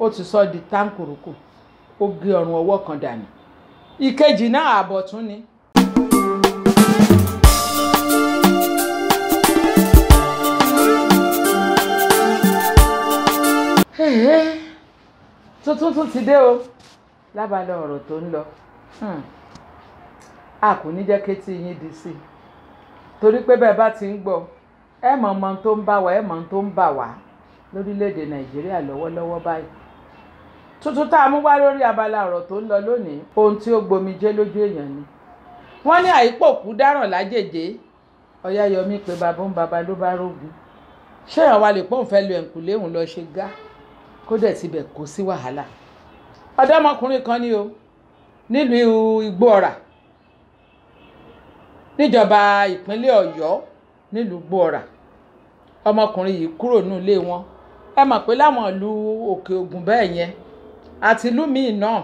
ó ti sọ di táǹkùrùkù ó gé ọrùn ọwọ́ kan dànù ìkejì náà ààbọ̀ tún ni. tuntun tún ti dé o lábàlẹ̀ ọ̀rọ̀ tó ń lọ hmm. a kò ní jẹ́ kétí yín di sí i torí pé bẹ́ẹ̀ bá ti ń gbọ́ ẹ mọ̀ tó ń bá wa tó ń bà wá lórílẹ̀‐èdè nàìjíríà lọ́wọ́lọ́wọ́ báyìí tuntun tá a mú wá lórí abala ọ̀rọ̀ tó ń lọ lónìí ohun tí ó gbomijé lójú èèyàn ni wọ́n ní àìpòkú dáràn lájèjé ọ̀yáyọmí pé bàbá ń bàbá ló bá rógun ṣé èèyàn wa lè pọ́n fẹ́ lu ẹ̀ǹkù léhùn lọ ṣe gá kó dẹ̀ tibẹ̀ kó sí wàhálà ọ̀dọ́mọkùnrin kan ni o nílùú Igbóọrà níjọba ìpínlẹ̀ Ọ̀yọ́ nílùú Igbóọrà ọmọkùnrin yìí kúrò nílé wọn ẹ mọ̀ pé láwọn ìlú òkè Ògùn bẹ́ẹ̀ yẹn àti ìlú míì náà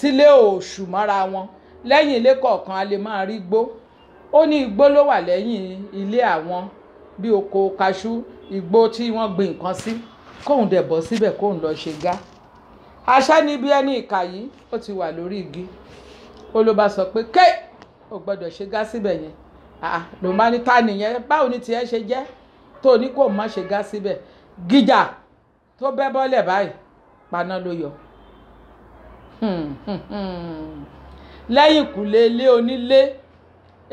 tílé òòṣù mọ́ra wọn lẹ́yìn ilé kọ̀ọ̀kan a lè máa rí igbó ó ní igbó ló wà lẹ́yìn ilé àwọn bí oko kaṣú igbó tí wọ́n gbin nǹkan sí kóun dẹ̀ bọ́ síbẹ̀ kóun lọ ṣe gá aṣá níbi ẹni ìkà yìí ó ti wà lórí igi ó ló bá sọ pé ké ò gbọ́dọ̀ ṣe gá síbẹ̀ yẹn ló máa ní ta nìyẹn báwo ni tiẹ̀ ṣe jẹ́ tó ní kó má ṣe gá síbẹ̀ gíjà tó bẹ́ bọ́lẹ̀ báyìí paná ló yọ. Hmm, hmm, hmm. lẹ́yìn ìkùlé ilé onílé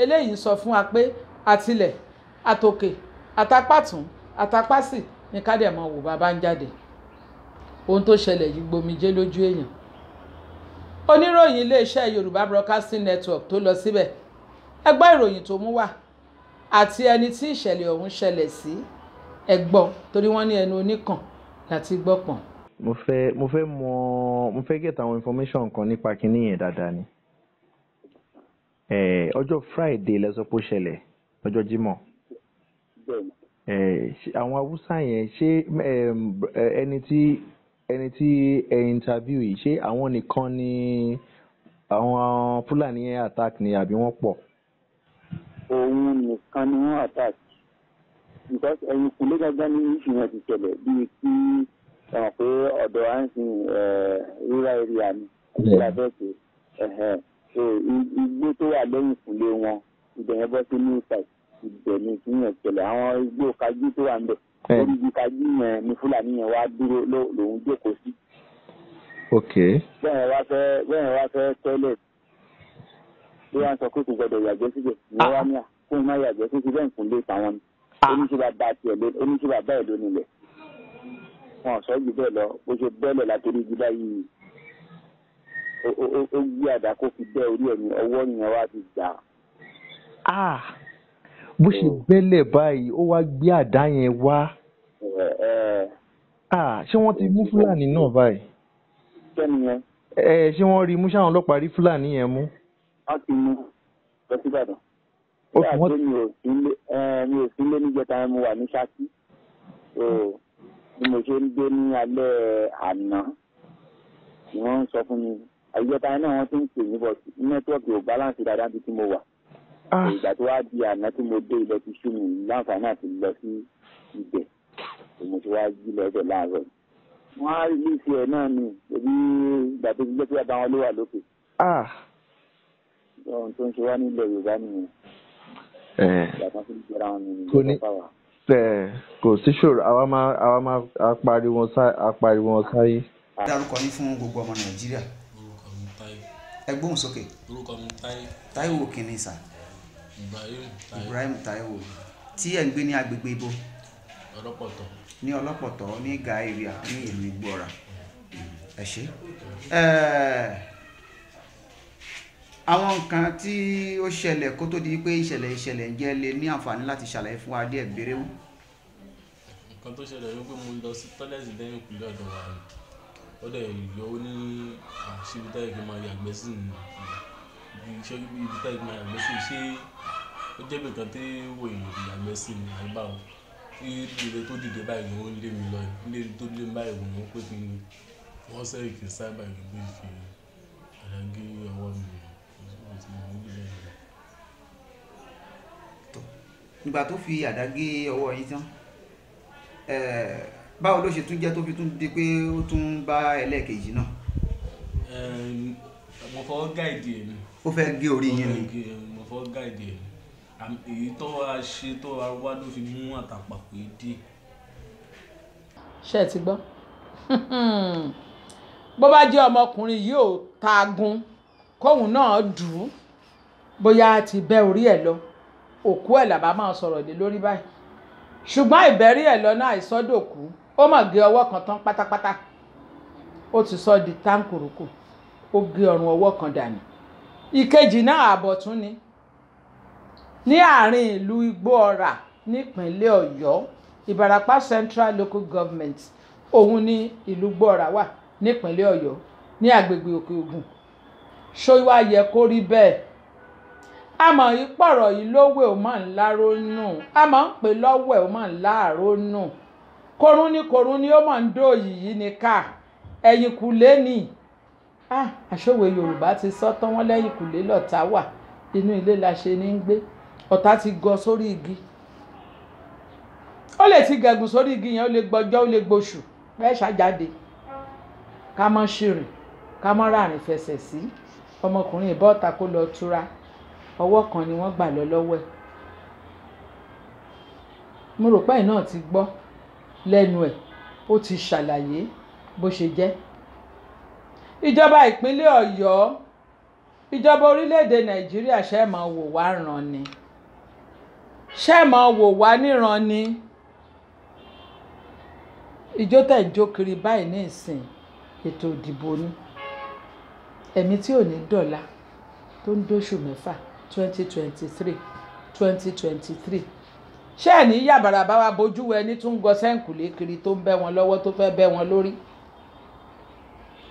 eléyìí ń sọ fún wa pé àtilẹ̀ àtòkè àtàpàtún àtàpàsì ní kádẹ̀mọ́ wò bàbá ń jáde ohun tó ṣẹlẹ̀ yìí gbomijé lójú èèyàn oníròyìn iléeṣẹ́ yorùbá broadcasting network tó lọ síbẹ̀ ẹ gbọ́ ìròyìn tó mú wá àti ẹni tí ìṣẹ̀lẹ̀ ọ̀hún ṣẹlẹ̀ sí ẹ gbọ́ torí wọ́n ní ẹnu oníkàn láti gbọ́pọ̀n mo fẹ́ mo fẹ́ mọ mo fẹ́ get àwọn information kan nípa kinní yẹn dáadáa ni ọjọ́ Friday lẹ sọ pé ó ṣẹlẹ̀ ọjọ́ Jímọ̀ àwọn Haúsá yẹn ṣé ẹni tí ẹni tí ẹ interview yìí ṣé àwọn nìkan ni àwọn Fúlàní yẹn attack ni àbí wọ́n pọ̀. òun nìkan ni wọ́n attack because ẹ̀yìn kùnlé gángan ní ìṣìyàn ti ṣẹlẹ̀ bíi kí ẹ mọ̀ pé ọ̀dọ̀ à ń sin rírà area ni ìgbà bẹ́ẹ̀ ṣe igbó tó wà lẹ́yìn ìkúnlé wọn ibẹ̀ yẹn bọ́ sí new site ibẹ̀ ni ìpínlẹ̀ ìṣẹ̀lẹ̀ àwọn igbó kájú tó wà ń bẹ̀ lórí ibi kájú yẹn ni fúlàní yẹn wá dúró lòún jókòó sí. bẹ́ẹ̀ wá fẹ́ bẹ́ẹ̀ wá fẹ́ tẹ́lẹ̀ tí wọ́n sọ pé kò gbọdọ̀ yàgbẹ́ síbẹ̀ ni wọ́n á ní à kó má yàgbẹ́ síbẹ̀ ìkúnlé tàwọn ni ah. oníṣẹ́ bàbá ẹ̀ lónìí lẹ̀ wọn sọ jù bẹ́ẹ̀ lọ bó ṣe bẹ́ẹ̀lẹ̀ látòrí igi báyìí ó yí àdá kó fi bẹ́ orí ẹ̀ ní ọwọ́ nìyẹn wá ti gbà. Ah, bó ṣe hmm. bẹ́ẹ̀lẹ̀ báyìí ó wá gbé àdá yẹn wá. Ah, ṣé wọ́n ti mú fúlàní náà báyìí. kẹ́ni yẹn. Eh, ṣé wọ́n rí mú ṣáwọn ọlọ́pàá rí fúlàní yẹn mú. wọ́n ti mú lọ sí Ìbàdàn. ó fi wọ́n. Eh, mi ò sí lé níjẹta mo wà ní Ṣákí bí mo ṣe ń gbé ní alẹ́ àná ni wọ́n ń sọ fún mi àyíjọba náà wọ́n ti ń pè mí bọ̀ nẹ́tíwọ́ọ̀kì ò báláǹsì dáadáa bí tí mo wà ah. ìgbà tó wá di àná tí mo dé ilẹ̀ ti ṣú mi láǹfààní àti lọ sí ibẹ̀ tí mo ti wá jí lọ́dọ̀ láàárọ̀ wọ́n á rí ìfẹ́ ẹ̀ náà ni èmi ìgbà tó ti gbé tí bàbá wọn ló wà lókè. Ah. ohun tó ń ṣe wá nílẹ̀ yorùbá nìyẹn. Eh. ìgbà kan tó ń jẹra wọn ni ìjọba wà kò sí ṣòro àwa máa àwa máa apariwo apariwo sáyé. dárúkọ yín fún gbogbo ọmọ nàìjíríà. orúkọ mi táíwò. ẹ gbóhùn sókè. orúkọ mi táíwò. táíwò kìíní sà. ibrahim táíwò. ibrahim táíwò tí ẹ̀ ń gbé ní agbègbè ibo. ọlọ́pọ̀tọ̀. ní ọlọ́pọ̀tọ̀ ní ga area ní ìlú ìgbọ́ra. ẹ ṣe. àwọn nǹkan tí ó ṣẹlẹ̀ kó tó di pé ìṣẹ̀lẹ̀ ìṣẹ̀lẹ̀ ń jẹ́ lè ní àǹfààní láti ṣàlàyé fún wa díẹ̀ Nǹkan tó ṣẹlẹ̀ ni pé mo lọ sí toilet lẹ́yìn kùnlé ọ̀dọ̀ wa ni. Ó dẹ̀ yọ ó ní àṣé ibi táyè kí máa yàgbẹ́ sí ni. Ṣé ibi táyè kí máa yàgbẹ́ sí, ṣé ó jẹ́ bí nǹkan tí wò èèyàn lè yàgbẹ́ sí ni àbí báwo? Ní líle tó dìde báyìí ó ń lé mi lọ, líle tó lé mi báyìí òun pé kí n wọ́n sẹ̀ kí n sá báyìí pé kí n rà gé ọwọ́ mi. Kò sí ohun tí mo rí lẹ́yìn rẹ̀. Nígbà tó fi àdá gé ọwọ́ yín tán báwo ló ṣe tún jẹ́ tó fi tún di pé ó tún bá ẹlẹ́ẹ̀kejì náà. mo fọwọ́ gáìdì ẹ̀ ni. ó fẹ́ gé orí yín ni. mo fọwọ́ gáìdì ẹ̀ ni èyí tó wá ṣe tó wá wá ló fi mú àtàpàpọ̀ dé. ṣé ẹ ti gbọ́ bó bá jẹ́ ọmọkùnrin yìí ò taagun kóun náà dùn bóyá ti bẹ́ orí ẹ̀ lọ òkú ẹ̀ làbá máa sọ̀rọ̀ lé lórí báyìí ṣùgbọ́n ìbẹ̀rí ẹ̀ lọ́nà àìsọ́dòkú ó mọ̀ gé ọwọ́ kan tán pátápátá ó ti sọ di táǹkùrùkù ó gé ọrùn ọwọ́ kan dànù ìkejì náà ààbọ̀ tún ni ní àárín ìlú igbó ọ̀rà nípínlẹ̀ ọ̀yọ́ ìbàràpá central local government òun ni ìlú gbọ́ra wà nípínlẹ̀ ọ̀yọ́ ní agbègbè òkè ògùn ṣó wá yẹ kó rí bẹ́ẹ̀ a mọ̀ yí pọ̀rọ̀ yìí lówẹ̀ ó mọ̀ ńlá rónú a mọ̀ ń pè lọ́wẹ̀ ó mọ̀ ńlá rónú korun ni korun ni ó mọ̀ ń dó yìí ni ká ẹ̀yìn kùlé ni àṣòwò Yorùbá ti sọ tán wọ́n lẹ́yìn kùlé lọ́tà wà inú ilé la ṣe ní ń gbé ọ̀tá ti gọ sórí igi ó lè ti gẹ̀gùn sórí igi yẹn ó lè gbọjọ́ ó lè gbóṣù bẹ́ẹ̀ ṣàjáde ká mọ́ ṣìrìn ká mọ́ ráàrin fẹsẹ̀ sí ọmọkùnrin ìbọ́ta kó lọ túra ọwọ́ kan ni wọ́n gbà lọ lọ́wọ́ ẹ̀ mo rò pé náà ti gbọ́ lẹ́nu ẹ̀ ó ti ṣàlàyé bó ṣe jẹ́ ìjọba ìpínlẹ̀ Ọ̀yọ́ ìjọba orílẹ̀-èdè Nàìjíríà ṣe é máa wò wá ràn ni ṣe é máa wò wá níran ni ìjó tẹ̀ ń jó kiri báyìí ní ìsìn ètò ìdìbò ni ẹ̀mí tí ò ní dọ̀la tó ń dóṣù mẹ́fà 2023, twenty three twenty twenty three ṣé ẹ̀ ní yàbàrà bá wa bójú wẹ ní tún gọ sẹ́ǹkùlé kiri tó ń bẹ́ wọn lọ́wọ́ tó fẹ́ bẹ́ wọn lórí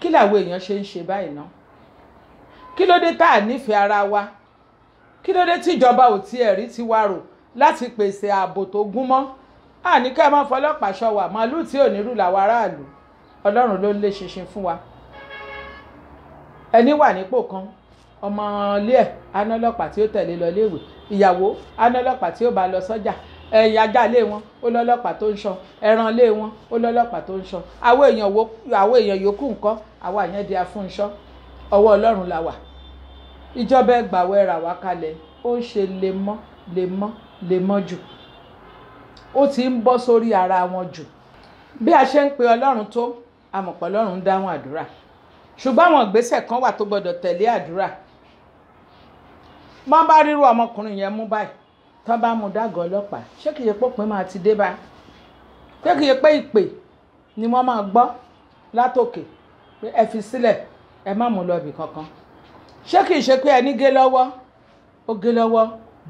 kí làwọn èèyàn ṣe ń ṣe báyìí ná kí ló dé tá à nífẹ̀ẹ́ ara wa kí ló dé tíjọba ò tiẹ̀ rí tiwa rò láti pèsè ààbò tó gún mọ́ àní ká máa fọlọ́pàá ṣọwà màálùú tí ò ní rú làwọn aráàlú ọlọ́run ló ń ṣinṣin fún wa ẹni wà nípò kan ọmọ ilé ẹ̀ aná ọlọ́pàá tí ó tẹ̀lé lọ léèwé ìyàwó aná ọlọ́pàá tí ó bá lọ sọ́jà ẹ̀yìn ajá ilé wọn ó lọ́lọ́pàá tó ń ṣọ́ ẹran ilé wọn ó lọ́lọ́pàá tó ń ṣọ́ àwọn èèyàn wo àwọn èèyàn yòókù ńkọ́ àwa àyàn di afúnṣọ́ ọwọ́ ọlọ́run la wà ìjọba ẹgbàwẹ́ rà wá kalẹ̀ ó ń ṣe lemọ́ lemọ́ lemọ́ jù ó ti ń bọ́ sórí ara wọn jù bí a ṣe ń pe ọlọ́run tó àmọ̀pọ̀ ọlọ́run ń dáhùn àdúrà ṣùgbọ́n àwọn ìgbésẹ̀ kan wà tó gbọ́dọ̀ tẹ̀lé àdúrà má bá ríru ọmọkùnrin yẹn mú báyìí tán bá mú dágọ̀ ọlọ́pàá ṣé kìí ṣe pópin máa ti dé bá ṣé kìí ṣe pé ìpè ni wọ́n máa gbọ́ látòkè pé ẹ fi sílẹ̀ ẹ má mú lọ ibì kankan ṣé kìí ṣe pé ẹni gé lọ́wọ́ ó gé lọ́wọ́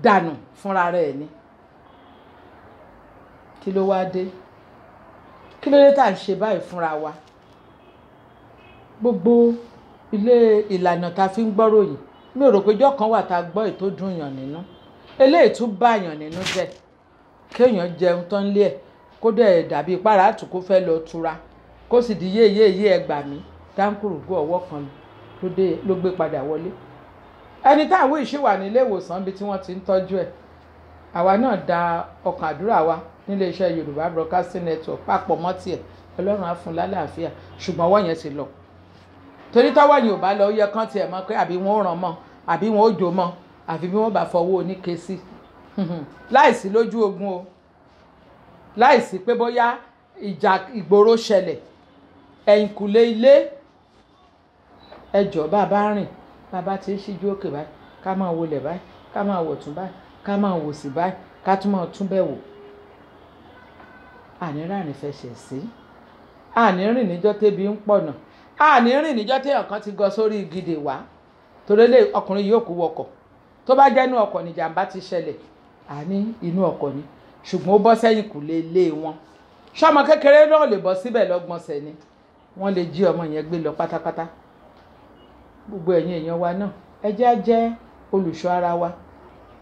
dànù fúnra rẹ̀ ni kí ló wá dé kí ló dé tá à ń ṣe báyìí fúnra wa gbogbo ilé ìlànà tá a fi ń gbọ́ròyìn mi ò rò pé ijọ́ kan wà tá a gbọ́ ètò dùn yàn nínú eléyìí tún bá yàn nínú jẹ́ kéèyàn jẹun tán lé ẹ̀ kó dẹ̀ dàbí para àtúkó fẹ́ lọ tura kó sì di yé yé yé ẹgbà mí dáńkùrùgbò ọwọ́ kan ló gbé padà wọlé ẹni tá àwọn ìṣe wà nílé ìwòsàn bíi tí wọ́n ti ń tọ́jú ẹ̀ àwa náà da ọkàn àdúrà wa nílé iṣẹ́ Yorùbá Broadcasting Network papọ̀ mọ́ tiẹ̀ Ọlọ́run á fún lálàáfíà ṣùgbọ́n ọwọ́ yẹn ti lọ torí tọ́wọ́ yìí ò bá lọ ó yẹ kán tiẹ̀ mọ̀ pé àbí wọ́n ràn mọ́ àbí wọn ò jò mọ́ àfi bí wọ́n bá fọwọ́ oníke sí láìsí lójú ogun o láìsí pé bóyá ìjà ìgboro ṣẹlẹ̀ ẹ̀yìnkùlé ilé ẹjọ́ bàbá rìn bàbá ti ń ṣíjú òkè báyìí ká máa wọlé báyìí ká máa wọ̀tún báyìí ká máa wòsì báyìí ká tún máa tún bẹ̀ wò ànírànì fẹsẹ̀ sí ànírìn níjọ́ tébi ń pọ̀nà ànírìn níjọ́ téèyàn kan ti gọ sórí ìgìdè wá torí lé ọkùnrin yóò kú wọkọ̀ tó bá jẹ́ inú ọkọ̀ ni jàǹbá ti ṣẹlẹ̀ àní inú ọkọ̀ ni ṣùgbọ́n ó bọ́ sẹ́yìn kù lé ilé wọn ṣọmọ kékeré náà lè bọ́ síbẹ̀ lọ́gbọ̀nsẹ̀ ni wọ́n lè jí ọmọ yẹn gbé lọ pátápátá gbogbo ẹ̀yin èèyàn wa náà ẹ jẹ́ á jẹ́ olùṣọ́ ara wa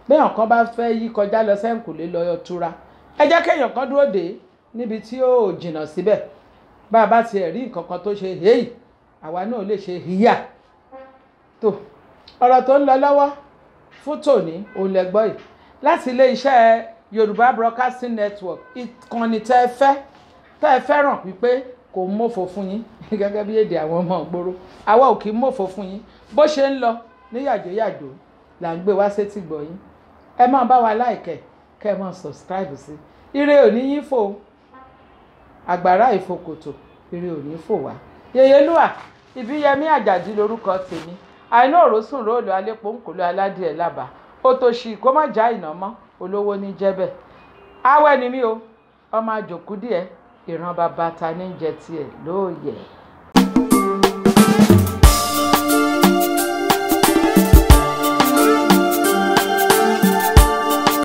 béèyàn kan bá fẹ́ yí kọjá lọ sẹ́ǹkùlé lọ túra ẹ jẹ́ kéèyàn kan dúró dé níbi tí ó jìnnà síbẹ̀ bá a bá tiẹ̀ rí nǹkan kan tó ṣe hẹ́yì àwa náà lè ṣe híyà tó ọ̀rọ̀ tó ń lọ lọ́wọ́ fún tòní òun yìí láti ilé iṣẹ́ Yorùbá Broadcasting Network ìkànnì tẹ́ ẹ fẹ́ tẹ́ ẹ fẹ́ràn wípé kò mọ̀fọ̀ fún yín gẹ́gẹ́ bí èdè àwọn ọmọ ìgboro àwa ò kì í mọ̀fọ̀ fún yín bó ṣe ń lọ ní yàjóyàjó là ń gbé wá sétí gbọ́ yín ẹ máa bá wa láìkẹ̀ kẹ́ ẹ máa subscribe sí ire òní yín fò àgbàrá ìfòkòtò ire òní fò wá yèyé lúà ìbíyẹmí àjàdí lórúkọ tèmi àìná òrósùn róòlù alẹ́pọ̀ ńkòló aládìẹ lábàá ó tó ṣì kó má já ìná mọ́ olówó ní jẹ́bẹ̀ awẹ́ ni mí o ọmọ àjòkú díẹ̀ ìran bàbá ta ní jẹ tiẹ̀ lóòyẹ̀.